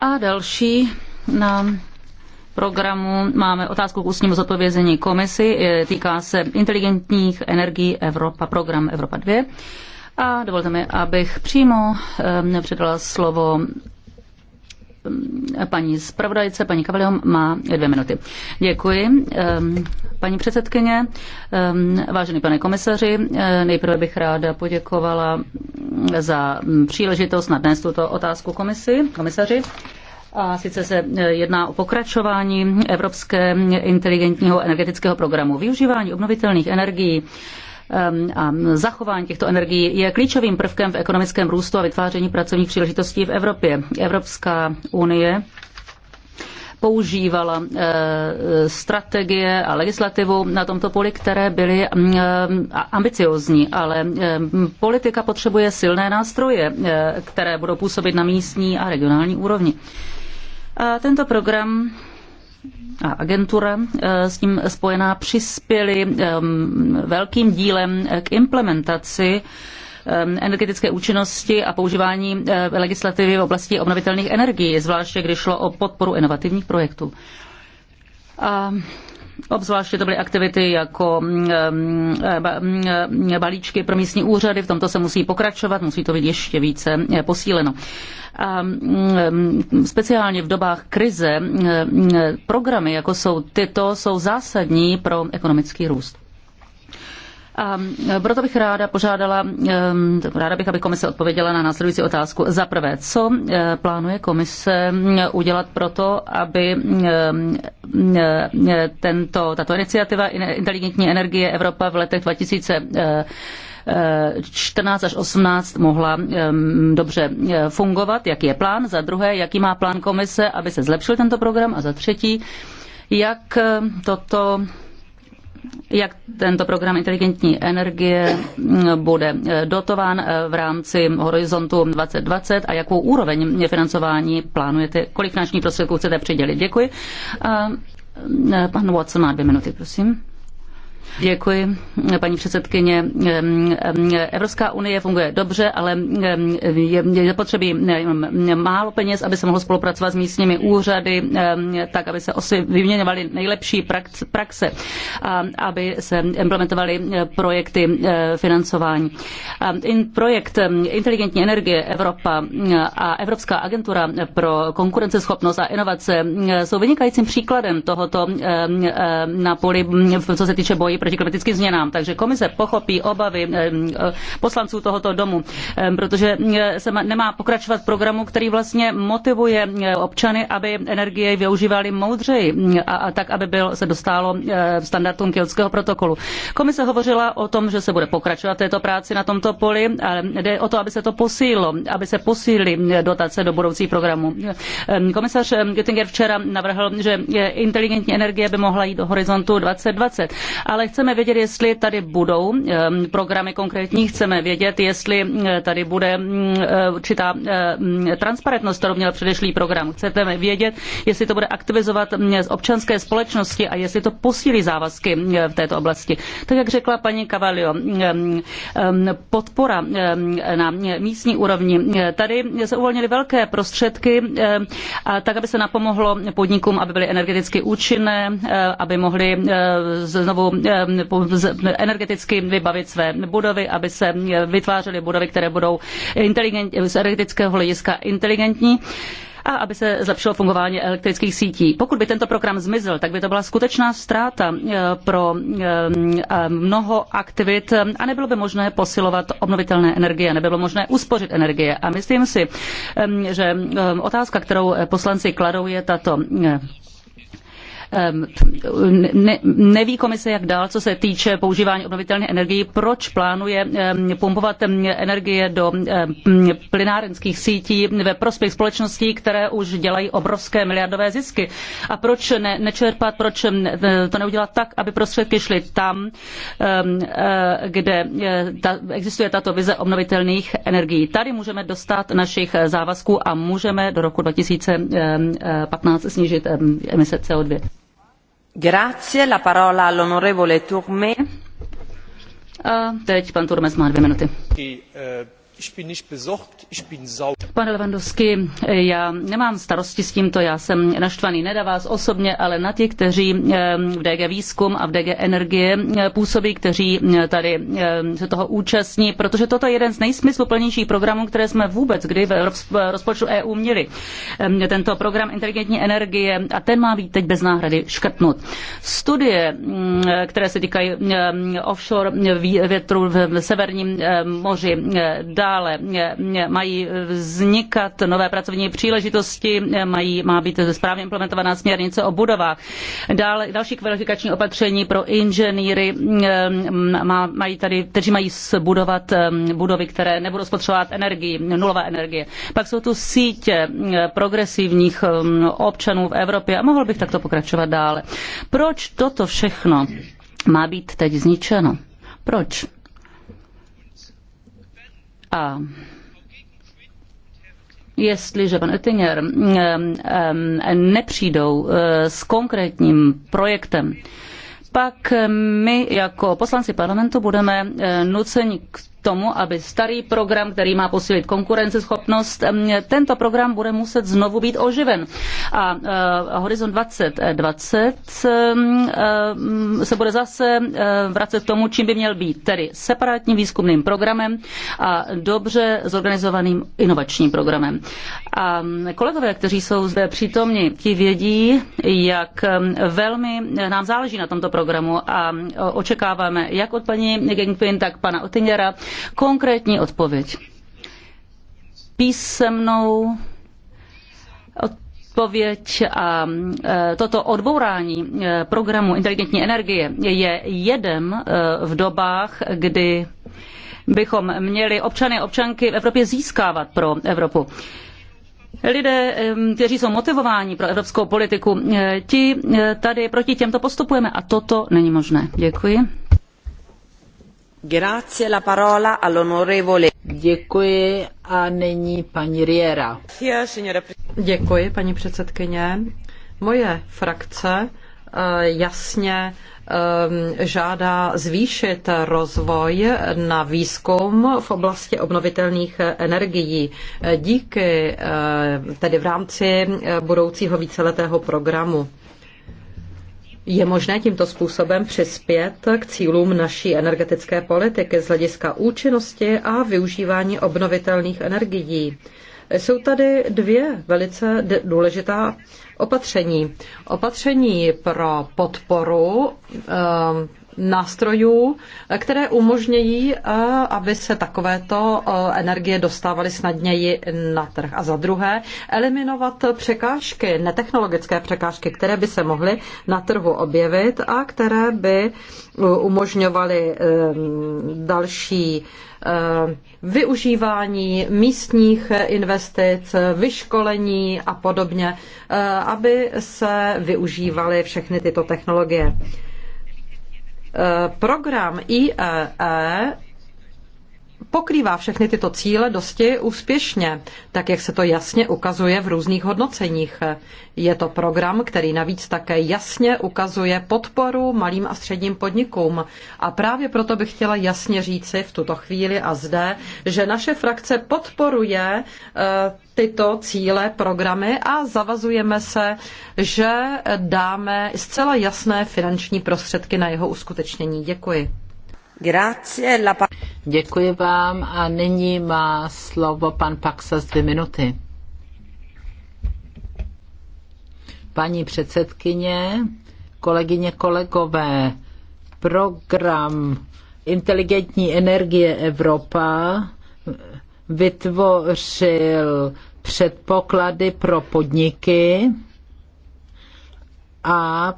A další na programu máme otázku k ústnímu zodpovězení komisy. E, Týká se inteligentních energií Evropa, program Evropa 2. A dovolte mi, abych přímo předala slovo paní zpravodajce, paní Kavalion má dvě minuty. Děkuji. Ehm, paní předsedkyně, ehm, vážený pane komisaři, eh, nejprve bych ráda poděkovala za mm, příležitost na dnes tuto otázku komisi, komisaři. A sice se eh, jedná o pokračování Evropské inteligentního energetického programu. Využívání obnovitelných energií Ehm, a zachování těchto energií je klíčovým prvkem v ekonomickém růstu a vytváření pracovních příležitostí v Evropě. Evropská unie používala eh, strategie a legislativu na tomto poli, které byly mm, eh, ambiciozní, ale eh, politika potřebuje silné nástroje, které budou působit na místní a regionální úrovni. A tento program a agentura eh, s tím spojená přispěly eh, velkým dílem eh, k implementaci energetické účinnosti a používání legislativy v oblasti obnovitelných energií, zvláště když šlo o podporu inovativních projektů. A Obzvláště to byly aktivity jako mm, mm, mm, balíčky pro místní úřady, v tomto se musí pokračovat, musí to být ještě více eh, posíleno. A speciálně v dobách krize programy, jako jsou tyto, jsou zásadní pro ekonomický růst. A e, proto bych ráda požádala, e, ráda bych, aby komise odpověděla na následující otázku. Za prvé, co e, plánuje komise udělat proto, aby tento, tato iniciativa Inteligentní energie Evropa v letech 2000 14 až 18 mohla dobře fungovat, jaký je plán, za druhé, jaký má plán komise, aby se zlepšil tento program a za třetí, jak toto jak tento program inteligentní energie mm, bude eh, dotován eh, v rámci horizontu 2020 a jakou úroveň financování plánujete, kolik finančních prostředků chcete přidělit. Děkuji. Eh, pan Watson má dvě minuty, prosím. Děkuji, paní předsedkyně. Evropská unie funguje dobře, ale je zapotřebí málo peněz, aby se mohlo spolupracovat s místními úřady, tak aby se vyměňovaly nejlepší praxe, a aby se implementovaly eh, projekty eh, financování. Projekt Inteligentní energie Evropa a Evropská agentura pro konkurenceschopnost a inovace jsou vynikajícím příkladem tohoto na poli, co se týče boje boji proti klimatickým změnám. Takže komise pochopí obavy eh, eh, poslanců tohoto domu, eh, protože se nemá pokračovat programu, který vlastně motivuje občany, aby energie využívali moudřeji mm, a, tak, aby byl, se dostálo standardům Kyotského protokolu. Komise hovořila o tom, že se bude pokračovat této práci na tomto poli, ale jde o to, aby se to posílilo, aby se posílily dotace do budoucích programů. Komisař Göttinger včera navrhl, že inteligentní energie by mohla jít do horizontu 2020, ale ale chceme vědět, jestli tady budou programy konkrétní, chceme vědět, jestli tady bude určitá transparentnost, kterou měl předešlý program. Chceme vědět, jestli to bude aktivizovat z občanské společnosti a jestli to posílí závazky v této oblasti. Tak jak řekla paní Cavalio, podpora na místní úrovni. Tady se uvolnily velké prostředky, tak aby se napomohlo podnikům, aby byly energeticky účinné, aby mohly znovu Eh, energeticky vybavit své budovy, aby se vytvářely budovy, které budou z energetického hlediska inteligentní a aby se zlepšilo fungování elektrických sítí. Pokud by tento program zmizel, tak by to byla skutečná ztráta eh, pro eh, mnoho aktivit a nebylo by možné posilovat obnovitelné energie, nebylo možné uspořit energie. A myslím si, že otázka, kterou poslanci kladou, je tato ne, neví komise, jak dál, co se týče používání obnovitelné energie. proč plánuje pumpovat energie do plynárenských sítí ve prospěch společností, které už dělají obrovské miliardové zisky. A proč ne, nečerpat, proč to neudělat tak, aby prostředky šly tam, eh, kde eh, ta, existuje tato vize obnovitelných energií. Tady můžeme dostat našich závazků a můžeme do roku 2015 eh, snížit emise CO2. Grazie, la parola all'onorevole Tourmé. A teď pan Turmes má dvě minuty. I, uh Pane Levandovský, já nemám starosti s tímto, já jsem naštvaný ne na vás osobně, ale na ty, kteří v DG Výzkum a v DG Energie působí, kteří tady se toho účastní, protože toto je jeden z nejsmysluplnějších programů, které jsme vůbec kdy v rozpočtu EU měli. Tento program inteligentní energie a ten má být teď bez náhrady škrtnut. Studie, které se týkají offshore větru v severním moři, dá dále. Eh, eh, mají vznikat nové pracovní příležitosti, eh, mají, má být správně implementovaná směrnice o budovách. Dále, další kvalifikační opatření pro inženýry, má, mají tady, kteří mají budovat budovy, které nebudou spotřebovat energii, nulová energie. Pak jsou tu sítě progresivních občanů v Evropě a mohl bych takto pokračovat dále. Proč toto všechno má být teď zničeno? Proč? A jestliže pan Oettinger mm, mm, mm, nepřijdou eh, s konkrétním projektem, pak my jako poslanci parlamentu budeme eh, nuceni k tomu, aby starý program, který má posílit konkurenceschopnost, tento program bude muset znovu být oživen. A eh, Horizon 2020 se bude zase eh, vracet k tomu, čím by měl být, tedy separátním výzkumným programem a dobře zorganizovaným inovačním programem. A kolegové, kteří jsou zde přítomni, ti vědí, jak velmi nám záleží na tomto programu a očekáváme jak od paní Gengpin, tak pana Otingera, konkrétní odpověď. Písemnou odpověď a e, toto odbourání e, programu inteligentní energie je jedem e, v dobách, kdy bychom měli občany a občanky v Evropě získávat pro Evropu. Lidé, kteří jsou motivováni pro evropskou politiku, ti tady proti těmto postupujeme a toto není možné. Děkuji. Děkuji a nyní paní Riera. Děkuji, paní předsedkyně. Moje frakce eh, jasně eh, žádá zvýšit rozvoj na výzkum v oblasti obnovitelných energií. Eh, díky tedy v rámci budoucího víceletého programu je možné tímto způsobem přispět k cílům naší energetické politiky z hlediska účinnosti a využívání obnovitelných energií. Jsou tady dvě velice důležitá opatření. Opatření pro podporu ehm, nástrojů, které umožňují, eh, aby se takovéto eh, energie dostávaly snadněji na trh. A za druhé, eliminovat překážky, netechnologické překážky, které by se mohly na trhu objevit a které by eh, umožňovaly další využívání místních investic, vyškolení a podobně, aby se využívaly všechny tyto technologie. Eh, program IEE e pokrývá všechny tyto cíle dosti úspěšně, tak jak se to jasně ukazuje v různých hodnoceních. Je to program, který navíc také jasně ukazuje podporu malým a středním podnikům. A právě proto bych chtěla jasně říci v tuto chvíli a zde, že naše frakce podporuje eh, tyto cíle, programy a zavazujeme se, že dáme zcela jasné finanční prostředky na jeho uskutečnění. Děkuji. Děkuji vám a nyní má slovo pan Paxa z dvě minuty. Paní předsedkyně, kolegyně, kolegové, program Inteligentní energie Evropa vytvořil předpoklady pro podniky a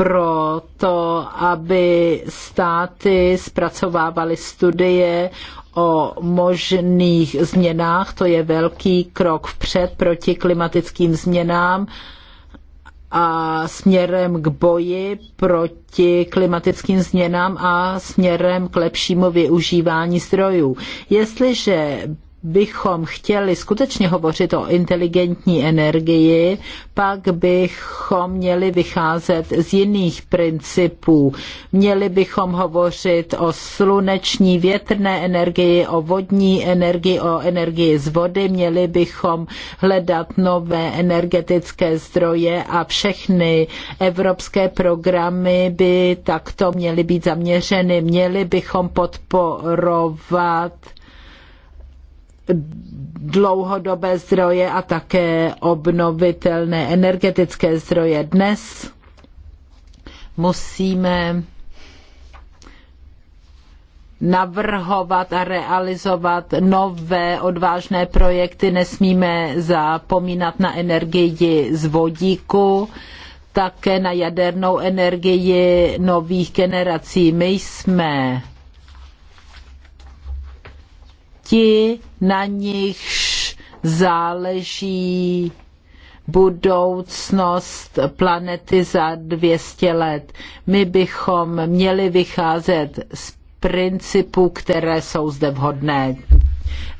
pro to, aby státy zpracovávaly studie o možných změnách. To je velký krok vpřed proti klimatickým změnám a směrem k boji proti klimatickým změnám a směrem k lepšímu využívání zdrojů. Jestliže bychom chtěli skutečně hovořit o inteligentní energii, pak bychom měli vycházet z jiných principů. Měli bychom hovořit o sluneční větrné energii, o vodní energii, o energii z vody. Měli bychom hledat nové energetické zdroje a všechny evropské programy by takto měly být zaměřeny. Měli bychom podporovat dlouhodobé zdroje a také obnovitelné energetické zdroje. Dnes musíme navrhovat a realizovat nové odvážné projekty. Nesmíme zapomínat na energii z vodíku, také na jadernou energii nových generací. My jsme ti, na nichž záleží budoucnost planety za 200 let. My bychom měli vycházet z principů, které jsou zde vhodné.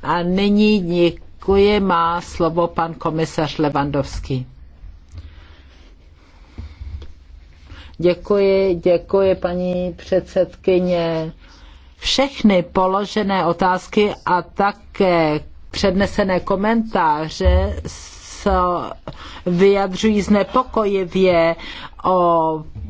A nyní děkuji, má slovo pan komisař Levandovský. Děkuji, děkuji paní předsedkyně. Všechny položené otázky a také přednesené komentáře vyjadřují znepokojivě o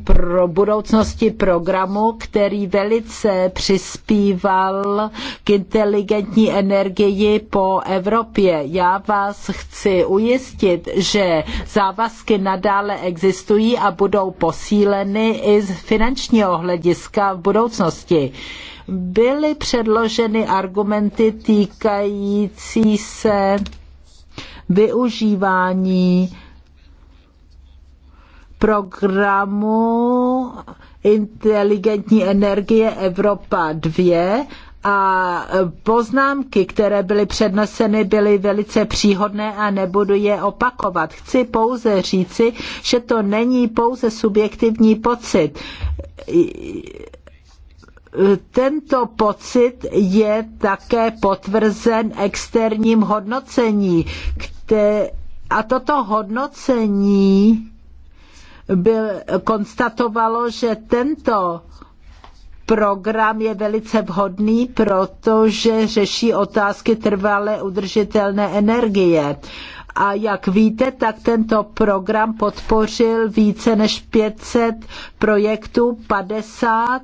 pro budoucnosti programu, který velice přispíval k inteligentní energii po Evropě. Já vás chci ujistit, že závazky nadále existují a budou posíleny i z finančního hlediska v budoucnosti byly předloženy argumenty týkající se využívání programu inteligentní energie Evropa 2 a poznámky, které byly předneseny, byly velice příhodné a nebudu je opakovat. Chci pouze říci, že to není pouze subjektivní pocit tento pocit je také potvrzen externím hodnocení, a toto hodnocení byl, konstatovalo, že tento program je velice vhodný, protože řeší otázky trvalé udržitelné energie. A jak víte, tak tento program podpořil více než 500 projektů, 50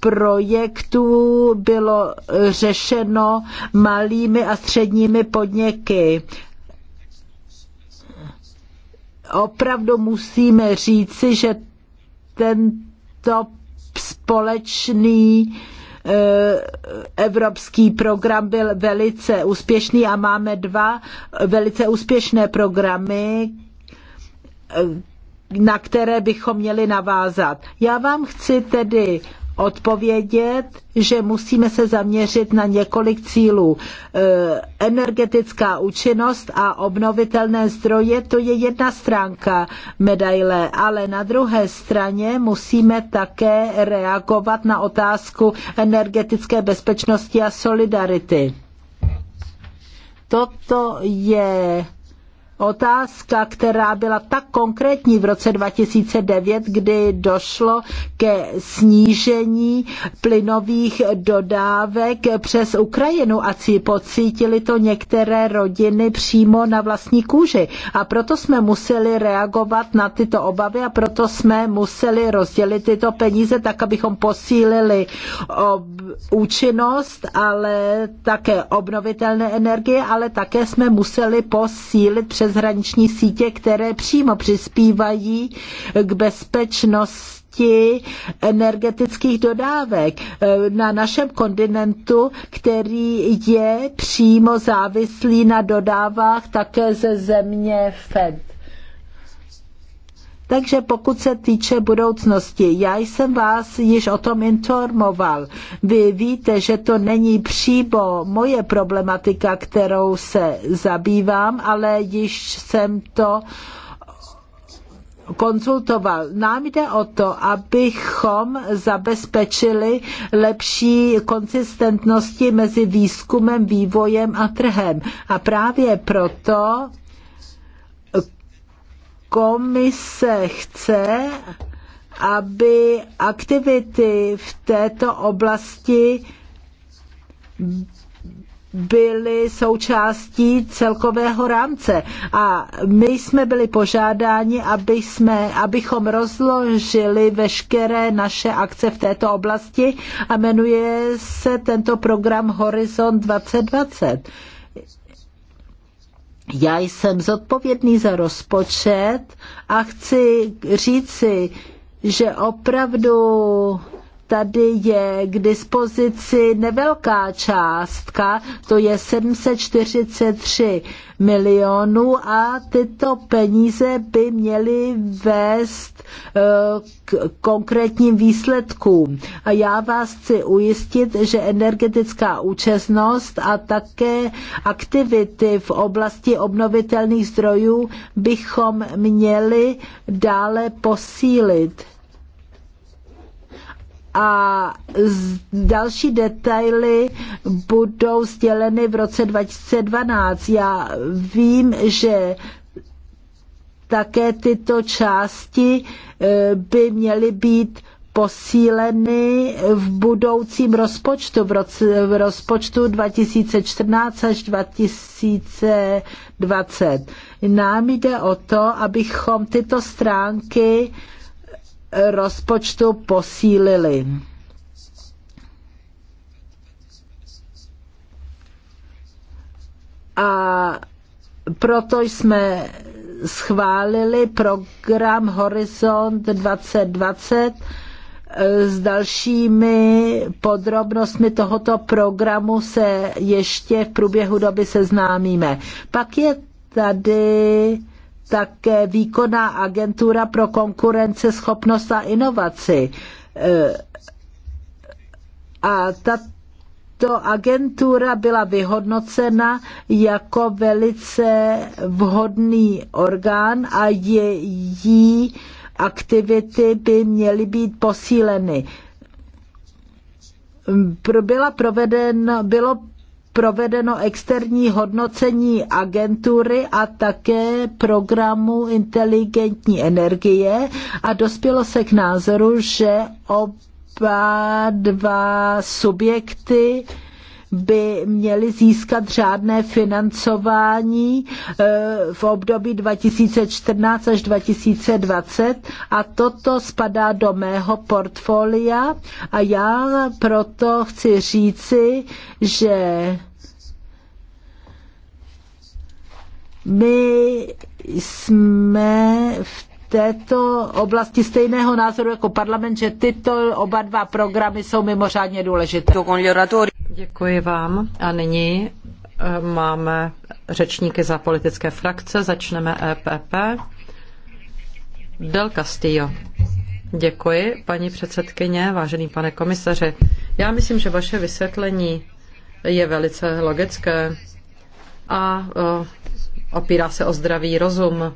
projektů bylo řešeno malými a středními podniky. Opravdu musíme říci, že tento společný eh, evropský program byl velice úspěšný a máme dva velice úspěšné programy, eh, na které bychom měli navázat. Já vám chci tedy odpovědět, že musíme se zaměřit na několik cílů. E, energetická účinnost a obnovitelné zdroje, to je jedna stránka medaile, ale na druhé straně musíme také reagovat na otázku energetické bezpečnosti a solidarity. Toto je otázka, která byla tak konkrétní v roce 2009, kdy došlo ke snížení plynových dodávek přes Ukrajinu a pocítili to některé rodiny přímo na vlastní kůži. A proto jsme museli reagovat na tyto obavy a proto jsme museli rozdělit tyto peníze tak, abychom posílili ob- účinnost, ale také obnovitelné energie, ale také jsme museli posílit přes přeshraniční sítě, které přímo přispívají k bezpečnosti energetických dodávek na našem kontinentu, který je přímo závislý na dodávách také ze země FED. Takže pokud se týče budoucnosti, já jsem vás již o tom informoval. Vy víte, že to není přímo moje problematika, kterou se zabývám, ale již jsem to konzultoval. Nám jde o to, abychom zabezpečili lepší konsistentnosti mezi výzkumem, vývojem a trhem. A právě proto komise chce, aby aktivity v této oblasti byly součástí celkového rámce. A my jsme byli požádáni, aby jsme, abychom rozložili veškeré naše akce v této oblasti a jmenuje se tento program Horizon 2020. Já jsem zodpovědný za rozpočet a chci říci, že opravdu tady je k dispozici nevelká částka, to je 743 milionů a tyto peníze by měly vést eh, k konkrétním výsledkům. A já vás chci ujistit, že energetická účastnost a také aktivity v oblasti obnovitelných zdrojů bychom měli dále posílit a další detaily budou sděleny v roce 2012. Já vím, že také tyto části eh, by měly být posíleny v budoucím rozpočtu, v, roce, v rozpočtu 2014 až 2020. Nám jde o to, abychom tyto stránky rozpočtu posílili. A proto jsme schválili program Horizont 2020 eh, s dalšími podrobnostmi tohoto programu se ještě v průběhu doby seznámíme. Pak je tady také výkonná agentura pro konkurenceschopnost a inovaci. Eh, a tato agentura byla vyhodnocena jako velice vhodný orgán a její aktivity by měly být posíleny. Byla proveden, bylo provedeno externí hodnocení agentury a také programu inteligentní energie a dospělo se k názoru, že oba dva subjekty by měly získat řádné financování eh, v období 2014 až 2020 a toto spadá do mého portfolia a já proto chci říci, že my jsme v této oblasti stejného názoru jako parlament, že tyto oba dva programy jsou mimořádně důležité. Děkuji vám. A nyní eh, máme řečníky za politické frakce. Začneme EPP. Del Castillo. Děkuji, paní předsedkyně, vážený pane komisaři. Já myslím, že vaše vysvětlení je velice logické a eh, opírá se o zdravý rozum.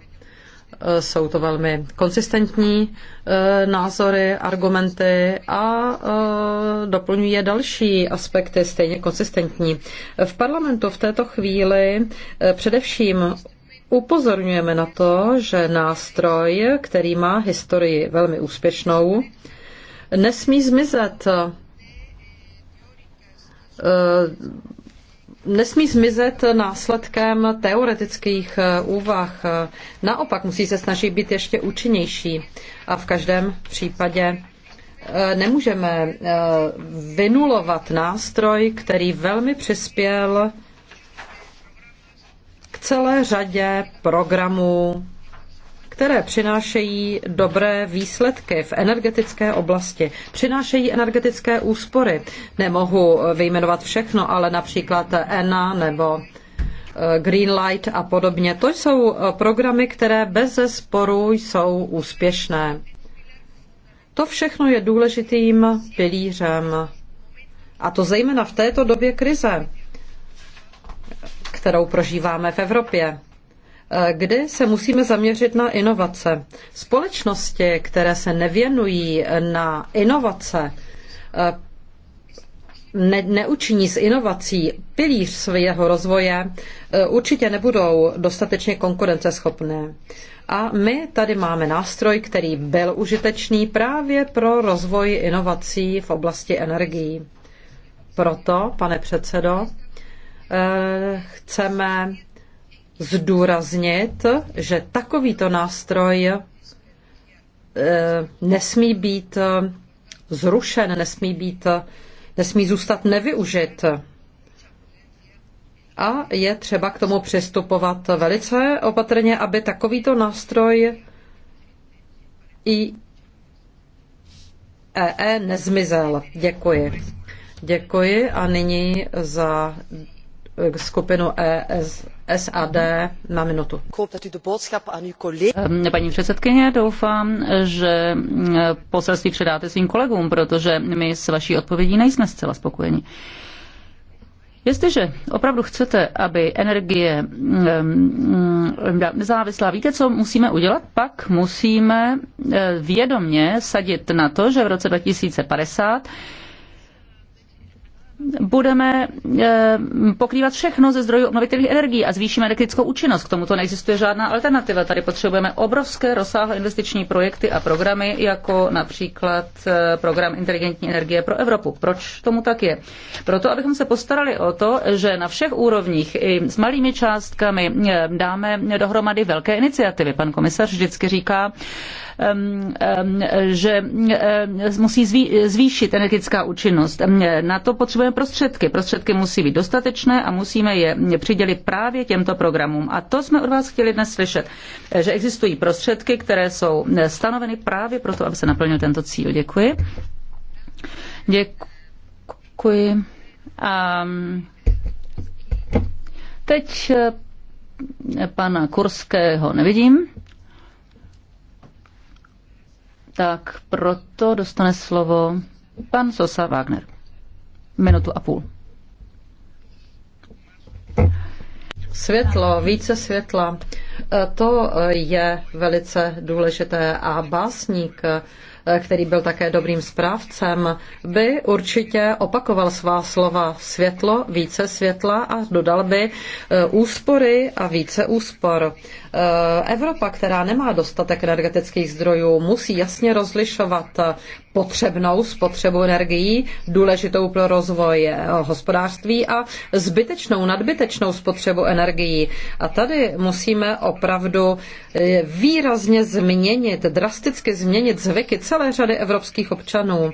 Eh, jsou to velmi konsistentní eh, názory, argumenty a eh, doplňují je další aspekty stejně konsistentní. V parlamentu v této chvíli především upozorňujeme na to, že nástroj, který má historii velmi úspěšnou, nesmí zmizet nesmí zmizet následkem teoretických eh, úvah. Naopak musí se snažit být ještě účinnější. A v každém případě eh, nemůžeme eh, vynulovat nástroj, který velmi přispěl k celé řadě programů které přinášejí dobré výsledky v energetické oblasti. Přinášejí energetické úspory. Nemohu vyjmenovat všechno, ale například ENA nebo eh, Greenlight a podobně. To jsou eh, programy, které bez sporu jsou úspěšné. To všechno je důležitým pilířem. A to zejména v této době krize, kterou prožíváme v Evropě kdy se musíme zaměřit na inovace. Společnosti, které se nevěnují na inovace, ne, neučiní z inovací pilíř svého rozvoje, určitě nebudou dostatečně konkurenceschopné. A my tady máme nástroj, který byl užitečný právě pro rozvoj inovací v oblasti energií. Proto, pane předsedo, eh, chceme zdůraznit, že takovýto nástroj eh, nesmí být eh, zrušen, nesmí, být, eh, nesmí zůstat nevyužit. A je třeba k tomu přistupovat velice opatrně, aby takovýto nástroj i EE e nezmizel. Děkuji. Děkuji a nyní za skupinu ES, SAD na minutu. Ehm, paní předsedkyně, doufám, že eh, poselství předáte svým kolegům, protože my s vaší odpovědí nejsme zcela spokojeni. Jestliže opravdu chcete, aby energie ehm, mm, nezávislá, víte, co musíme udělat? Pak musíme eh, vědomě sadit na to, že v roce 2050 budeme eh, pokrývat všechno ze zdrojů obnovitelných energií a zvýšíme elektrickou účinnost. K tomuto neexistuje žádná alternativa. Tady potřebujeme obrovské rozsáhlé investiční projekty a programy, jako například eh, program Inteligentní energie pro Evropu. Proč tomu tak je? Proto, abychom se postarali o to, že na všech úrovních i s malými částkami eh, dáme dohromady velké iniciativy. Pan komisař vždycky říká, že musí zvýšit energetická účinnost. Na to potřebujeme prostředky. Prostředky musí být dostatečné a musíme je přidělit právě těmto programům. A to jsme od vás chtěli dnes slyšet, že existují prostředky, které jsou stanoveny právě proto, aby se naplnil tento cíl. Děkuji. Děkuji. A teď eh, pana Kurského nevidím tak proto dostane slovo pan Sosa Wagner. Minutu a půl. Světlo, více světla. E, to je velice důležité a básník e, který byl také dobrým správcem, by určitě opakoval svá slova světlo, více světla a dodal by e, úspory a více úspor. Eh, Evropa, která nemá dostatek energetických zdrojů, musí jasně rozlišovat eh, potřebnou spotřebu energií, důležitou pro rozvoj eh, hospodářství a zbytečnou, nadbytečnou spotřebu energií. A tady musíme opravdu výrazně změnit, drasticky změnit zvyky celé řady evropských občanů.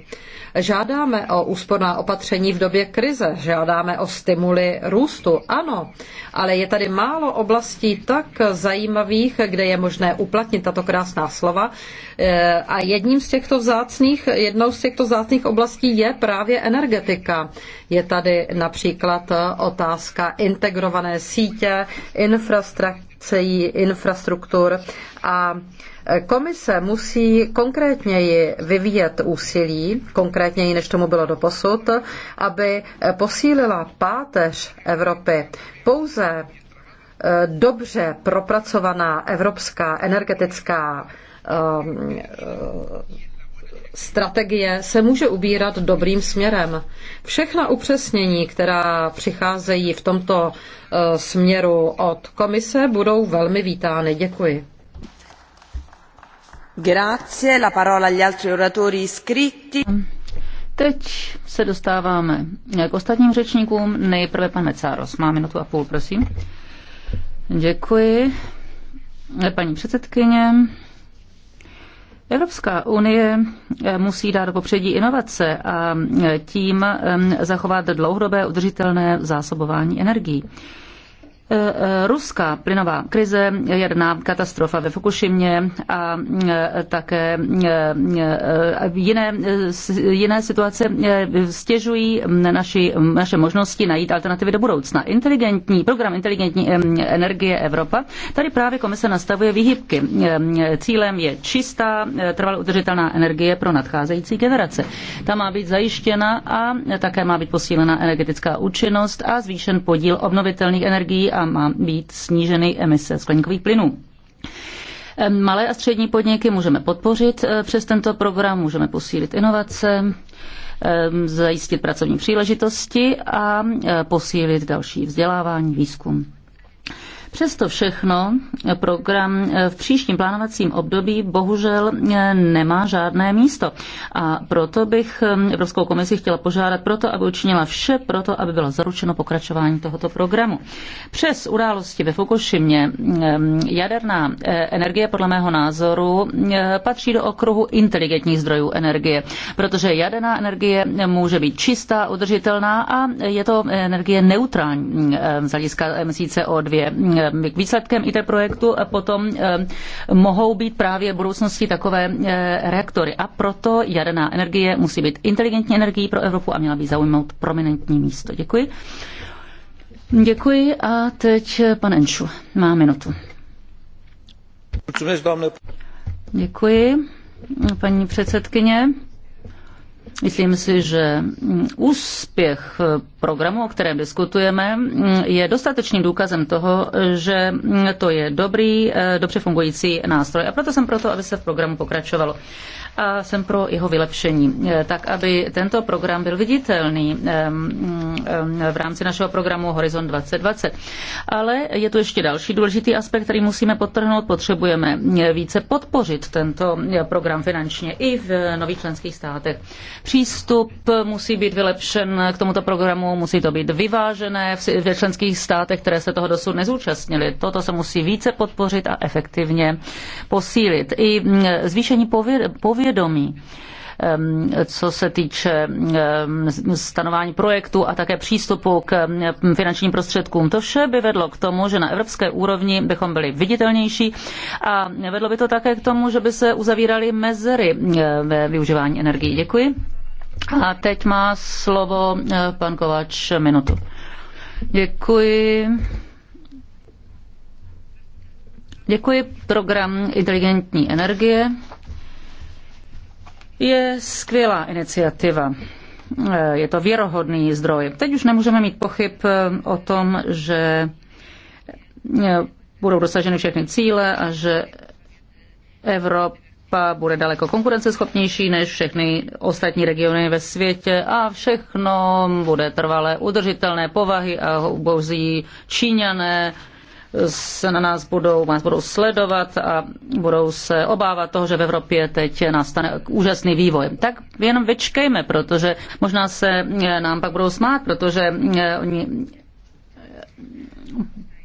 Žádáme o úsporná opatření v době krize, žádáme o stimuly růstu, ano, ale je tady málo oblastí tak zajímavých, zajímavých, kde je možné uplatnit tato krásná slova. E, a jedním z těchto vzácných, jednou z těchto vzácných oblastí je právě energetika. Je tady například otázka integrované sítě, infrastruktur a Komise musí konkrétněji vyvíjet úsilí, konkrétněji než tomu bylo doposud, aby posílila páteř Evropy. Pouze dobře propracovaná evropská energetická um, uh, strategie se může ubírat dobrým směrem. Všechna upřesnění, která přicházejí v tomto uh, směru od komise, budou velmi vítány. Děkuji. Grazie, la parola agli altri oratori iscritti. Teď se dostáváme k ostatním řečníkům. Nejprve pan Mecáros. Má minutu a půl, prosím. Děkuji, paní předsedkyně. Evropská unie eh, musí dát do popředí inovace a eh, tím eh, zachovat dlouhodobé udržitelné zásobování energií. Eh, eh, ruská plynová krize, jaderná katastrofa ve Fukušimě a eh, také jiné, jiné situace stěžují naši, naše možnosti najít alternativy do budoucna. Inteligentní, program Inteligentní energie Evropa, tady právě komise nastavuje výhybky. Cílem je čistá, trvalo udržitelná energie pro nadcházející generace. Ta má být zajištěna a také má být posílena energetická účinnost a zvýšen podíl obnovitelných energií a a má být sníženy emise skleníkových plynů. Malé a střední podniky můžeme podpořit eh, přes tento program, můžeme posílit inovace, zajistit pracovní příležitosti a eh, posílit další vzdělávání, výzkum. Přesto všechno eh, program eh, v příštím plánovacím období bohužel eh, nemá žádné místo. A proto bych Evropskou komisi chtěla požádat proto, aby učinila vše proto, aby bylo zaručeno pokračování tohoto programu. Přes události ve Fukushimě jaderná energie podle mého názoru patří do okruhu inteligentních zdrojů energie, protože jaderná energie může být čistá, udržitelná a je to energie neutrální z hlediska emisí CO2 k eh, výsledkem ITER projektu potom eh, mohou být právě v budoucnosti takové eh, reaktory. A proto jaderná energie musí být inteligentní energií pro Evropu a měla by zaujmout prominentní místo. Děkuji. Děkuji a teď pan Enšu má minutu. Děkuji, paní předsedkyně. Myslím si, že mm, úspěch eh, programu, o kterém diskutujeme, mm, je dostatečným důkazem toho, že mm, to je dobrý, eh, dobře fungující nástroj. A proto jsem proto, aby se v programu pokračovalo. A jsem pro jeho vylepšení, eh, tak aby tento program byl viditelný v rámci našeho programu Horizon 2020. Ale je tu ještě další důležitý aspekt, který musíme podtrhnout. Potřebujeme více podpořit tento program finančně i v nových členských státech. Přístup musí být vylepšen k tomuto programu, musí to být vyvážené v členských státech, které se toho dosud nezúčastnily. Toto se musí více podpořit a efektivně posílit. I mm, zvýšení povědomí Ehm, co se týče ehm, stanování projektu a také přístupu k ehm, finančním prostředkům. To vše by vedlo k tomu, že na evropské úrovni bychom byli viditelnější a vedlo by to také k tomu, že by se uzavíraly mezery ve využívání energii. Děkuji. A teď má slovo eh, pan Kováč minutu. Děkuji. Děkuji. Program Inteligentní energie je skvělá iniciativa. Je to věrohodný zdroj. Teď už nemůžeme mít pochyb eh, o tom, že eh, budou dosaženy všechny cíle a že Evropa bude daleko konkurenceschopnější než všechny ostatní regiony ve světě a všechno bude trvalé udržitelné povahy a bouzí Číňané, se na nás budou, nás budou sledovat a budou se obávat toho, že v Evropě teď nastane úžasný vývoj. Tak jenom vyčkejme, protože možná se eh, nám pak budou smát, protože eh, oni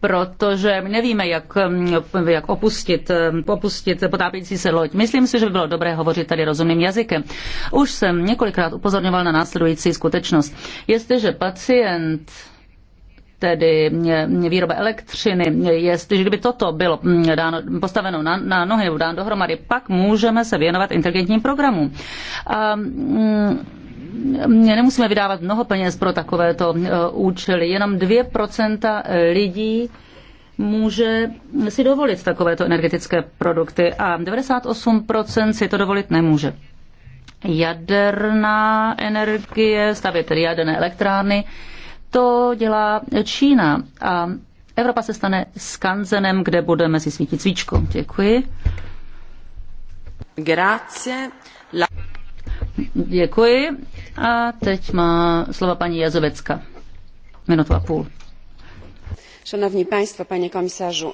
protože my nevíme, jak, mm, jak opustit, eh, opustit potápějící se loď. Myslím si, že by bylo dobré hovořit tady rozumným jazykem. Už jsem několikrát upozorňoval na následující skutečnost. Jestliže pacient tedy mm, výroba elektřiny, jestliže kdyby toto bylo mm, dáno, postaveno na, na nohy nebo dáno dohromady, pak můžeme se věnovat inteligentním programům. A, mm, nemusíme vydávat mnoho peněz pro takovéto e, účely. Jenom 2% lidí může si dovolit takovéto energetické produkty a 98% si to dovolit nemůže. Jaderná energie, stavět jaderné elektrárny, to dělá Čína a Evropa se stane skanzenem, kde budeme si svítit svíčkou. Děkuji. Grazie. La... Děkuji. A teď má slova paní Jazovecka. Minutu a půl. Szanowni Państwo, Panie Komisarzu.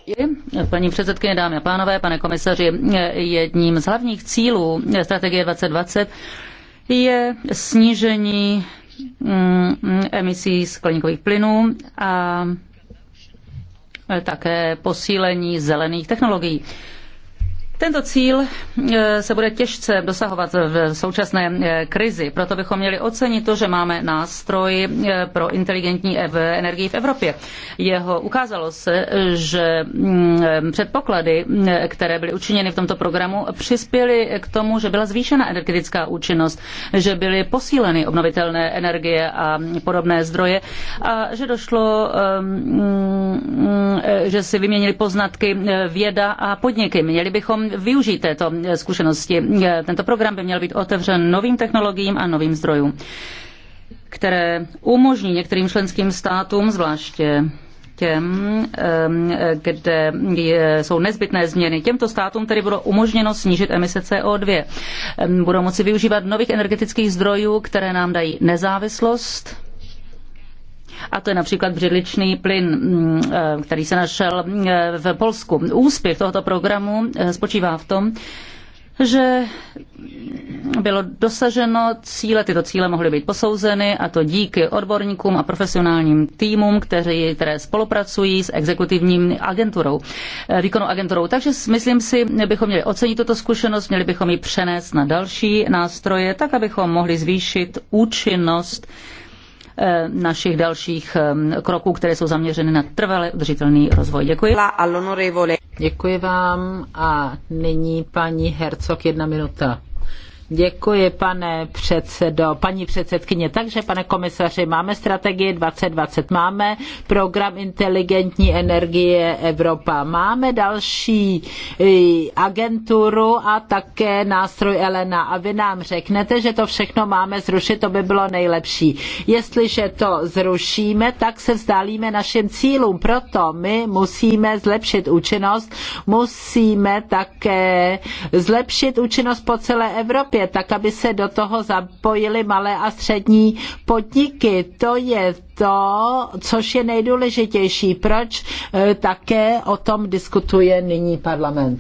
Paní předsedkyně, dámy a pánové, pane komisaři, jedním z hlavních cílů strategie 2020 je snížení Mm, emisí skleníkových plynů a také posílení zelených technologií. Tento cíl eh, se bude těžce dosahovat v současné eh, krizi, proto bychom měli ocenit to, že máme nástroj eh, pro inteligentní energii v Evropě. Jeho ukázalo se, že mm, předpoklady, které byly učiněny v tomto programu, přispěly k tomu, že byla zvýšena energetická účinnost, že byly posíleny obnovitelné energie a podobné zdroje a že došlo, ehm, mm, mm, že si vyměnili poznatky věda a podniky. Měli bychom využít této zkušenosti. Tento program by měl být otevřen novým technologiím a novým zdrojům, které umožní některým členským státům, zvláště těm, kde jsou nezbytné změny. Těmto státům tedy bylo umožněno snížit emise CO2. Budou moci využívat nových energetických zdrojů, které nám dají nezávislost, a to je například břidličný plyn, mm, který se našel eh, v Polsku. Úspěch tohoto programu eh, spočívá v tom, že bylo dosaženo cíle, tyto cíle mohly být posouzeny a to díky odborníkům a profesionálním týmům, kteří, které spolupracují s exekutivním agenturou, eh, výkonnou agenturou. Takže myslím si, bychom měli ocenit tuto zkušenost, měli bychom ji přenést na další nástroje, tak abychom mohli zvýšit účinnost Eh, našich dalších eh, kroků, které jsou zaměřeny na trvale udržitelný rozvoj. Děkuji. Děkuji vám a nyní paní Hercok jedna minuta. Děkuji, pane předsedo, paní předsedkyně. Takže, pane komisaři, máme strategii 2020, máme program inteligentní energie Evropa, máme další agenturu a také nástroj Elena. A vy nám řeknete, že to všechno máme zrušit, to by bylo nejlepší. Jestliže to zrušíme, tak se vzdálíme našim cílům. Proto my musíme zlepšit účinnost, musíme také zlepšit účinnost po celé Evropě unie, tak aby se do toho zapojily malé a střední podniky. To je to, což je nejdůležitější. Proč eh, také o tom diskutuje nyní parlament?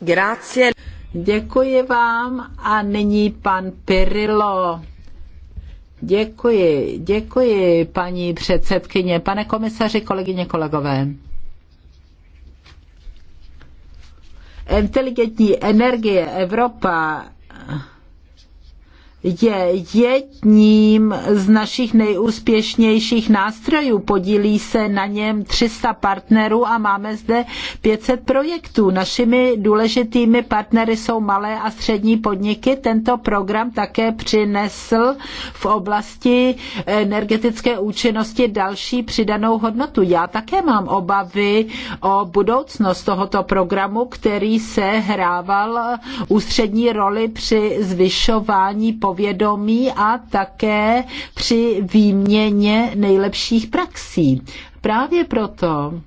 Grazie. Děkuji vám a nyní pan Pirillo. Děkuji, děkuji paní předsedkyně, pane komisaři, kolegyně, kolegové. inteligentní energie Evropa je jedním z našich nejúspěšnějších nástrojů. Podílí se na něm 300 partnerů a máme zde 500 projektů. Našimi důležitými partnery jsou malé a střední podniky. Tento program také přinesl v oblasti energetické účinnosti další přidanou hodnotu. Já také mám obavy o budoucnost tohoto programu, který se hrával ústřední roli při zvyšování povědomí povědomí a také při výměně nejlepších praxí. Právě proto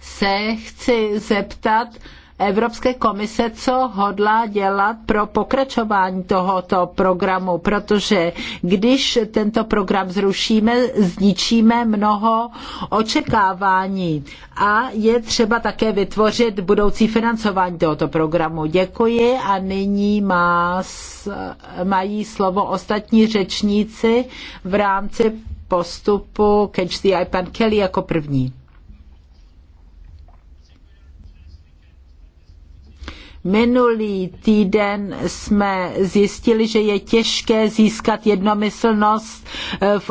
se chci zeptat, Evropské komise, co hodlá dělat pro pokračování tohoto programu, protože když tento program zrušíme, zničíme mnoho očekávání a je třeba také vytvořit budoucí financování tohoto programu. Děkuji a nyní má, mají slovo ostatní řečníci v rámci postupu Catch the Eye. Pan Kelly jako první. Minulý týden jsme zjistili, že je těžké získat jednomyslnost eh, v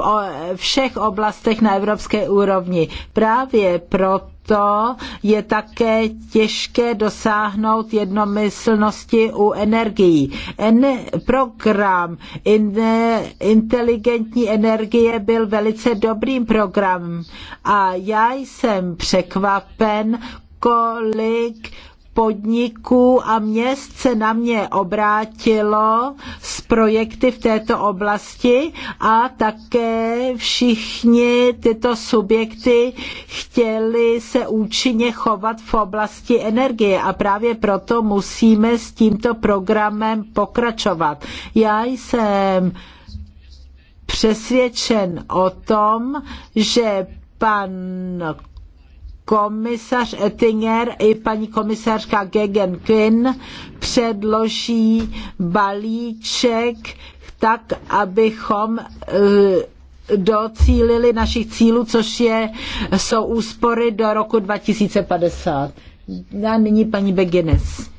všech oblastech na evropské úrovni. Právě proto je také těžké dosáhnout jednomyslnosti u energií. En- program in- inteligentní energie byl velice dobrým programem a já jsem překvapen, kolik podniků a měst se na mě obrátilo s projekty v této oblasti a také všichni tyto subjekty chtěli se účinně chovat v oblasti energie a právě proto musíme s tímto programem pokračovat. Já jsem přesvědčen o tom, že pan komisař Ettinger i paní komisařka Gegen Quinn předloží balíček tak, abychom eh, docílili našich cílů, což je, jsou úspory do roku 2050. A nyní paní Beginnes.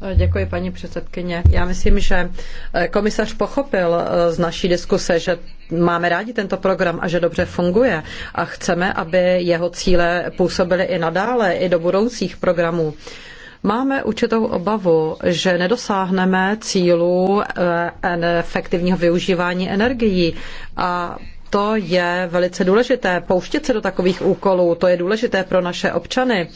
No, děkuji, paní předsedkyně. Já myslím, že eh, komisař pochopil eh, z naší diskuse, že máme rádi tento program a že dobře funguje a chceme, aby jeho cíle působily i nadále, i do budoucích programů. Máme určitou obavu, že nedosáhneme cílů eh, efektivního využívání energií a to je velice důležité. Pouštět se do takových úkolů, to je důležité pro naše občany.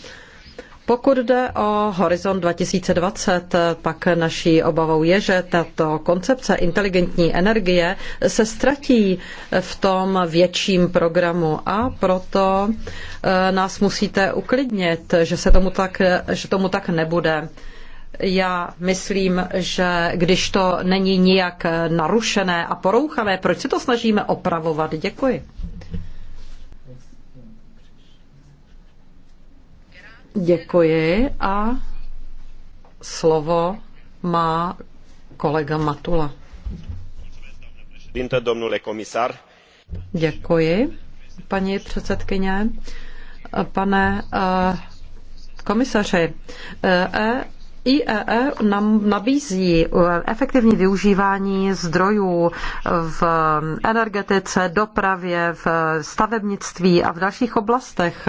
Pokud jde o horizont 2020, pak naší obavou je, že tato koncepce inteligentní energie se ztratí v tom větším programu a proto eh, nás musíte uklidnit, že, se tomu tak, že tomu tak nebude. Já myslím, že když to není nijak narušené a porouchané, proč se to snažíme opravovat? Děkuji. Děkuji a slovo má kolega Matula. Děkuji, paní předsedkyně. Pane eh, komisaři, eh, IEE nám nabízí eh, efektivní využívání zdrojů v energetice, dopravě, v stavebnictví a v dalších oblastech.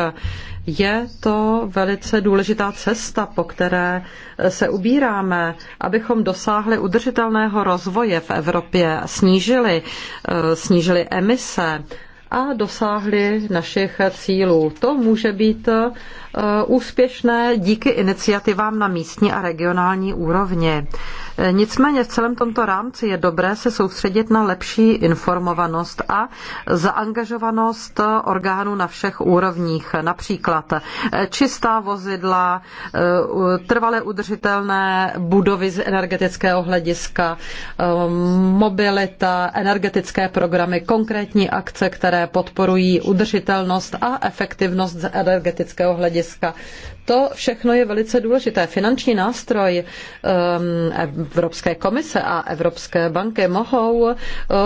Je to velice důležitá cesta, po které se ubíráme, abychom dosáhli udržitelného rozvoje v Evropě, snížili, eh, snížili emise a dosáhli našich cílů. To může být Eh, úspěšné díky iniciativám na místní a regionální úrovni. Eh, nicméně v celém tomto rámci je dobré se soustředit na lepší informovanost a zaangažovanost orgánů na všech úrovních, například eh, čistá vozidla, trvale udržitelné budovy z energetického hlediska, mobilita, energetické programy, konkrétní akce, které podporují udržitelnost a efektivnost z energetického hlediska hlediska. To všechno je velice důležité. Finanční nástroj um, Evropské komise a Evropské banky mohou uh,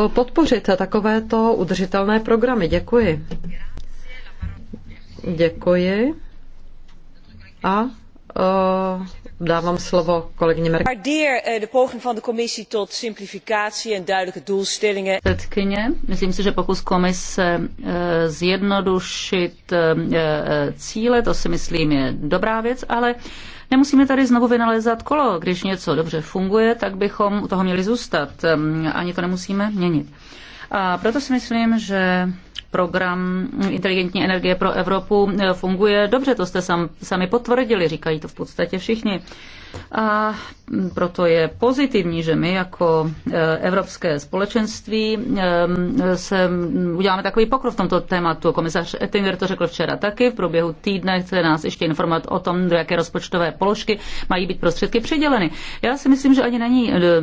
podpořit takovéto udržitelné programy. Děkuji. Děkuji. A uh, dávám slovo kolegyně Merkelové. Eh, myslím si, že pokus komise eh, zjednodušit eh, cíle, to si myslím je dobrá věc, ale Nemusíme tady znovu vynalézat kolo. Když něco dobře funguje, tak bychom u toho měli zůstat. Ehm, ani to nemusíme měnit. A proto si myslím, že program Inteligentní energie pro Evropu eh, funguje dobře, to jste sam, sami potvrdili, říkají to v podstatě všichni. A proto je pozitivní, že my jako e, Evropské společenství e, se uděláme takový pokrok v tomto tématu. Komisař Ettinger to řekl včera taky. V průběhu týdne chce nás ještě informovat o tom, do jaké rozpočtové položky mají být prostředky přiděleny. Já si myslím, že ani není e,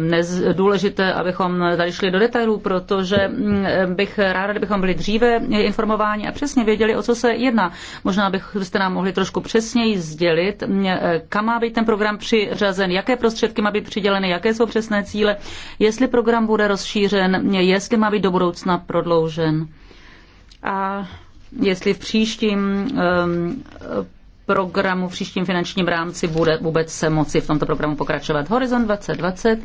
důležité, abychom tady šli do detailů, protože mm, bych ráda, kdybychom byli dříve informováni a přesně věděli, o co se jedná. Možná byste nám mohli trošku přesněji sdělit, mm, kam má být ten program při přiřazen, jaké prostředky má být přiděleny, jaké jsou přesné cíle, jestli program bude rozšířen, jestli má být do budoucna prodloužen. A jestli v příštím um, programu, v příštím finančním rámci bude vůbec se moci v tomto programu pokračovat. Horizon 2020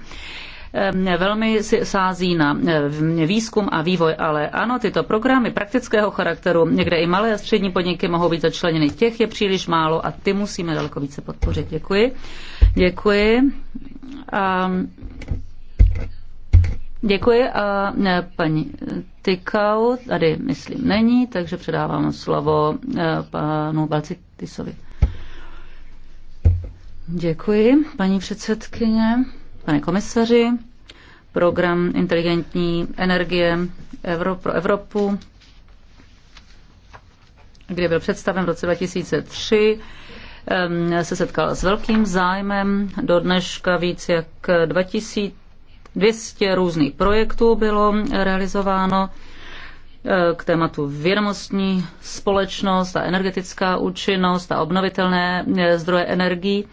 velmi sází na eh, výzkum a vývoj, ale ano, tyto programy praktického charakteru, někde i malé a střední podniky mohou být začleněny, těch je příliš málo a ty musíme daleko více podpořit. Děkuji. Děkuji. A... Děkuji a paní Tykau tady, myslím, není, takže předávám slovo eh, panu Balcitisovi. Děkuji, paní předsedkyně pane komisaři. Program inteligentní energie pro Evropu, kde byl představen v roce 2003, se setkal s velkým zájmem. Do dneška víc jak 2200 různých projektů bylo realizováno eh, k tématu vědomostní společnost a energetická účinnost a obnovitelné eh, zdroje energii.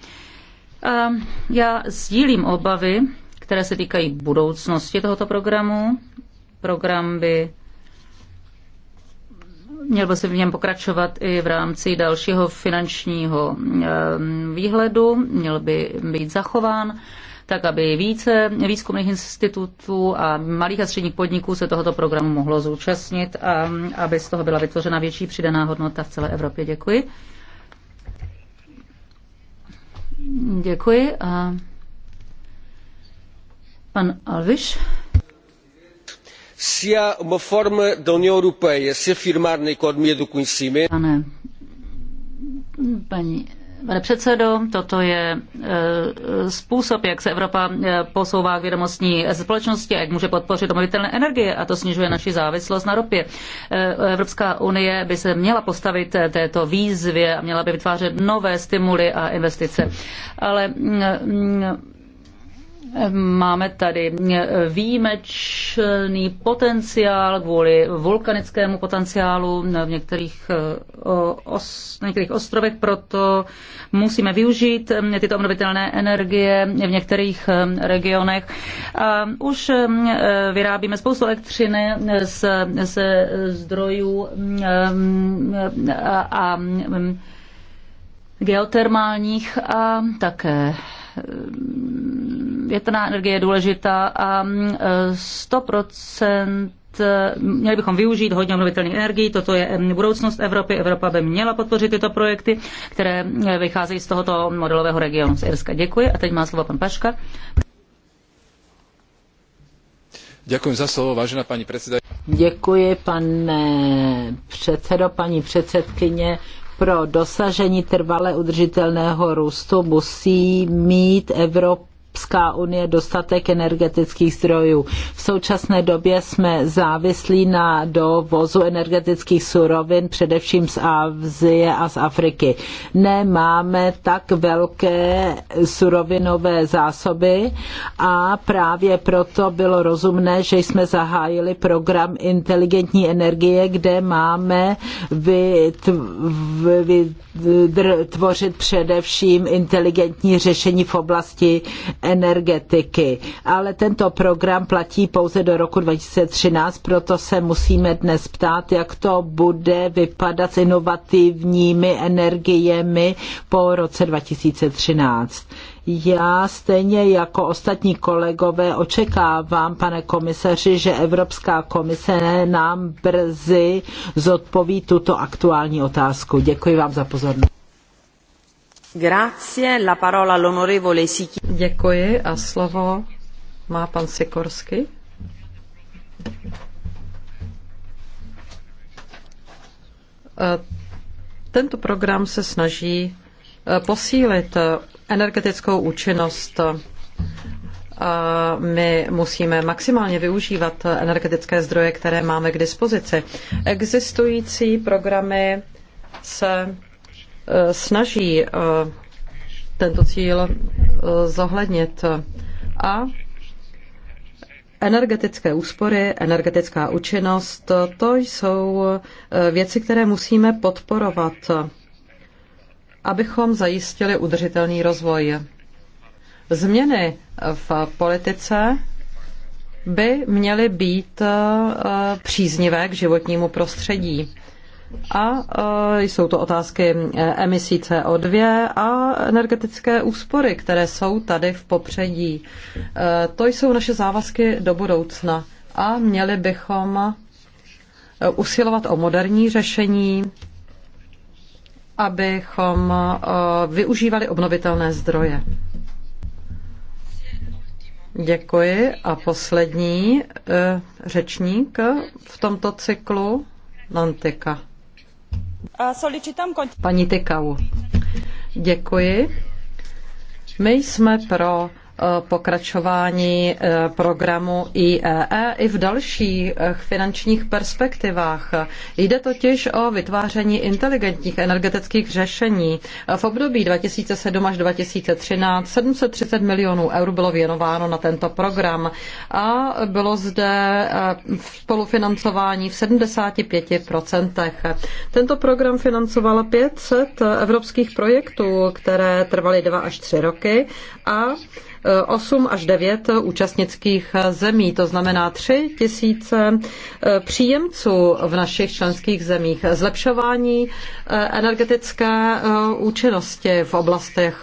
Ehm, já sdílím obavy, které se týkají budoucnosti tohoto programu. Program by měl by se v něm pokračovat i v rámci dalšího finančního ehm, výhledu, měl by být zachován tak aby více výzkumných institutů a malých a středních podniků se tohoto programu mohlo zúčastnit a aby z toho byla vytvořena větší přidaná hodnota v celé Evropě. Děkuji. Děkuji a pan Alviš. Se há uma forma da União Europeia se afirmar na economia do conhecimento. Pane, paní Pane předsedo, toto je eh, způsob, jak se Evropa eh, posouvá k vědomostní společnosti a jak může podpořit domovitelné energie a to snižuje naši závislost na ropě. Eh, Evropská unie by se měla postavit této výzvě a měla by vytvářet nové stimuly a investice. Ale mm, Máme tady eh, výjimečný potenciál kvůli vulkanickému potenciálu v některých, eh, os, na některých ostrovech, proto musíme využít eh, tyto obnovitelné energie v některých regionech. A už vyrábíme spoustu elektřiny ze zdrojů a, a mm, geotermálních a také větrná energie je důležitá a 100% mm, e, měli bychom využít hodně obnovitelných energií, toto je mm, budoucnost Evropy, Evropa by měla podpořit tyto projekty, které e, vycházejí z tohoto modelového regionu z Irska. Děkuji a teď má slovo pan Paška. Děkuji za slovo, vážená paní předsedající. Děkuji, pane předsedo, paní předsedkyně. Pro dosažení trvale udržitelného růstu musí mít Evropa Evropská unie dostatek energetických zdrojů. V současné době jsme závislí na dovozu energetických surovin, především z Asie a z Afriky. Nemáme tak velké surovinové zásoby a právě proto bylo rozumné, že jsme zahájili program inteligentní energie, kde máme vytvořit především inteligentní řešení v oblasti energetiky. Ale tento program platí pouze do roku 2013, proto se musíme dnes ptát, jak to bude vypadat s inovativními energiemi po roce 2013. Já stejně jako ostatní kolegové očekávám, pane komisaři, že Evropská komise nám brzy zodpoví tuto aktuální otázku. Děkuji vám za pozornost. Grazie, la parola all'onorevole Děkuji a slovo má pan Sikorsky. Eh, tento program se snaží eh, posílit eh, energetickou účinnost. My musíme maximálně využívat energetické zdroje, které máme k dispozici. Existující programy se Eh, snaží eh, tento cíl eh, zohlednit. A energetické úspory, energetická účinnost, to jsou věci, které musíme podporovat, abychom zajistili udržitelný rozvoj. Změny v politice by měly být příznivé k životnímu prostředí a e, jsou to otázky e, emisí CO2 a energetické úspory, které jsou tady v popředí. E, to jsou naše závazky do budoucna a měli bychom usilovat o moderní řešení, abychom využívali obnovitelné zdroje. Děkuji. A poslední řečník v tomto cyklu, Nantika. Paní Tykau, děkuji. My jsme pro Eh, pokračování eh, programu IEE e i v dalších eh, finančních perspektivách. Jde totiž o vytváření inteligentních energetických řešení. V období 2007 až 2013 730 milionů eur bylo věnováno na tento program a bylo zde spolufinancování v 75%. Tento program financoval 500 evropských projektů, které trvaly 2 až 3 roky a 8 až 9 účastnických zemí, to znamená 3 tisíce eh, příjemců v našich členských zemích. Zlepšování eh, energetické eh, účinnosti v oblastech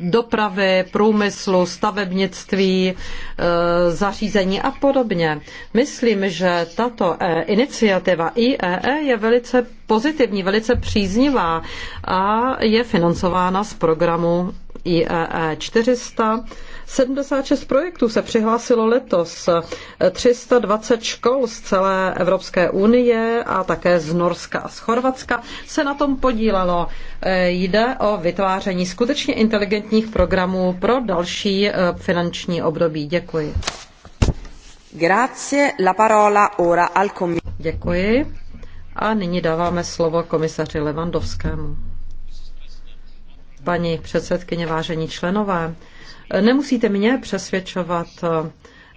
dopravy, průmyslu, stavebnictví, zařízení a podobně. Myslím, že tato iniciativa IEE e je velice pozitivní, velice příznivá a je financována z programu IEE 400 e 76 projektů se přihlásilo letos, 320 škol z celé Evropské unie a také z Norska a z Chorvatska se na tom podílelo. Eh, jde o vytváření skutečně inteligentních programů pro další eh, finanční období. Děkuji. Grazie, la parola ora al Děkuji. A nyní dáváme slovo komisaři Levandovskému. Paní předsedkyně, vážení členové, Nemusíte mě přesvědčovat, eh,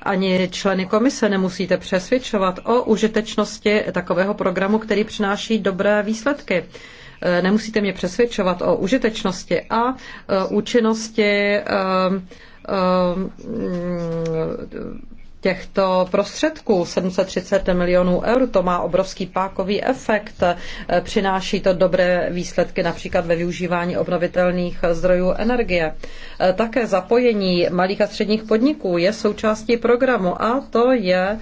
ani členy komise nemusíte přesvědčovat o užitečnosti takového programu, který přináší dobré výsledky. Eh, nemusíte mě přesvědčovat o užitečnosti a eh, účinnosti těchto prostředků, 730 milionů eur, to má obrovský pákový efekt, přináší to dobré výsledky například ve využívání obnovitelných zdrojů energie. Také zapojení malých a středních podniků je součástí programu a to je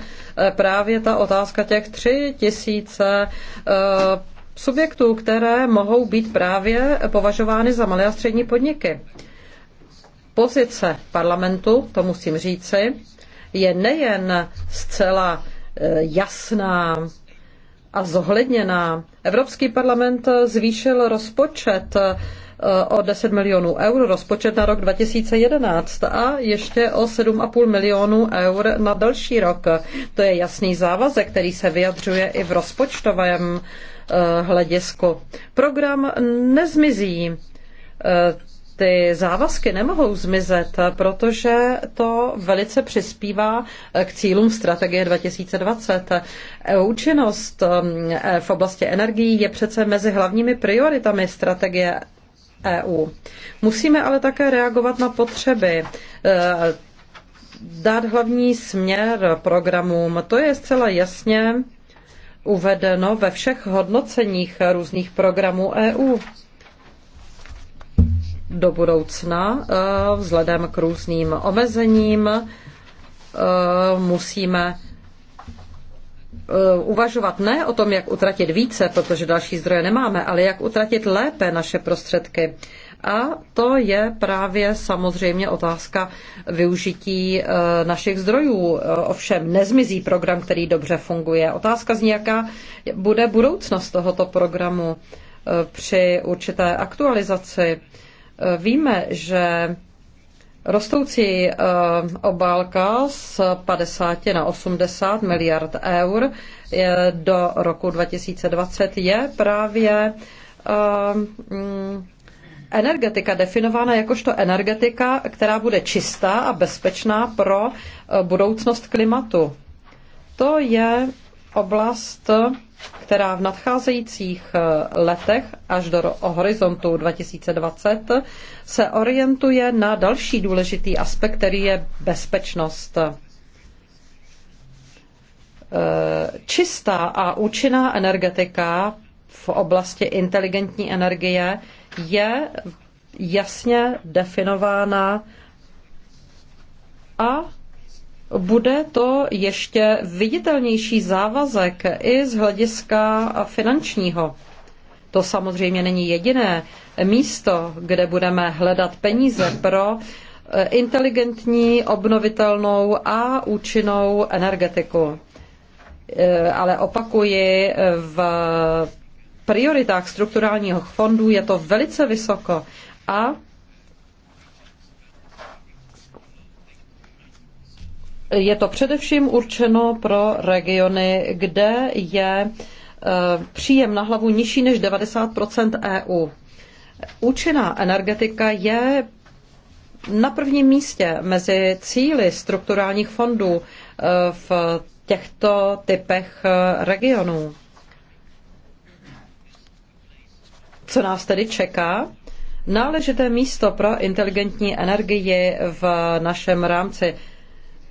právě ta otázka těch 3 tisíce eh, subjektů, které mohou být právě považovány za malé a střední podniky. Pozice parlamentu, to musím říci, je nejen zcela e, jasná a zohledněná. Evropský parlament zvýšil rozpočet e, o 10 milionů eur, rozpočet na rok 2011 a ještě o 7,5 milionů eur na další rok. To je jasný závazek, který se vyjadřuje i v rozpočtovém e, hledisku. Program nezmizí ty závazky nemohou zmizet, protože to velice přispívá k cílům strategie 2020. Účinnost um, eh, v oblasti energií je přece mezi hlavními prioritami strategie EU. Musíme ale také reagovat na potřeby eh, dát hlavní směr programům. To je zcela jasně uvedeno ve všech hodnoceních různých programů EU do budoucna eh, vzhledem k různým omezením eh, musíme eh, uvažovat ne o tom, jak utratit více, protože další zdroje nemáme, ale jak utratit lépe naše prostředky. A to je právě samozřejmě otázka využití našich zdrojů. Ovšem nezmizí program, který dobře funguje. Otázka z nějaká bude budoucnost tohoto programu při určité aktualizaci Eh, víme, že rostoucí eh, obálka z 50 na 80 miliard eur do roku 2020 je právě eh, mm, energetika definována jakožto energetika, která bude čistá a bezpečná pro budoucnost klimatu. To je oblast která v nadcházejících eh, letech až do horizontu 2020 se orientuje na další důležitý aspekt, který je bezpečnost. Eh, čistá a účinná energetika v oblasti inteligentní energie je jasně definována a bude to ještě viditelnější závazek i z hlediska finančního. To samozřejmě není jediné místo, kde budeme hledat peníze pro eh, inteligentní, obnovitelnou a účinnou energetiku. Eh, ale opakuji, eh, v prioritách strukturálního fondu je to velice vysoko a Je to především určeno pro regiony, kde je e, příjem na hlavu nižší než 90 EU. Účinná energetika je na prvním místě mezi cíly strukturálních fondů e, v těchto typech e, regionů. Co nás tedy čeká? Náležité místo pro inteligentní energii v našem rámci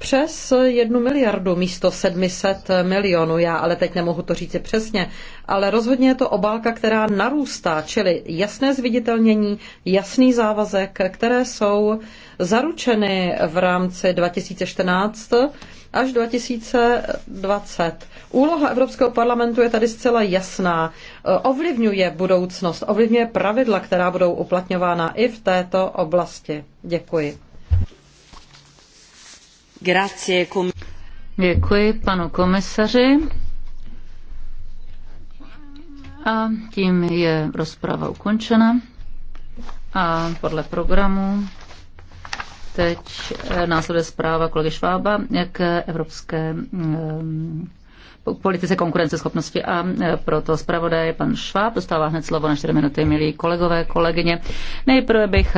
přes jednu miliardu místo 700 milionů. Já ale teď nemohu to říct přesně, ale rozhodně je to obálka, která narůstá, čili jasné zviditelnění, jasný závazek, které jsou zaručeny v rámci 2014 až 2020. Úloha Evropského parlamentu je tady zcela jasná. Ovlivňuje budoucnost, ovlivňuje pravidla, která budou uplatňována i v této oblasti. Děkuji. Děkuji panu komisaři. A tím je rozprava ukončena. A podle programu teď eh, následuje zpráva kolegy Švába k evropské eh, politice konkurenceschopnosti a eh, proto zpravodaj pan Šváb dostává hned slovo na 4 minuty, milí kolegové, kolegyně. Nejprve bych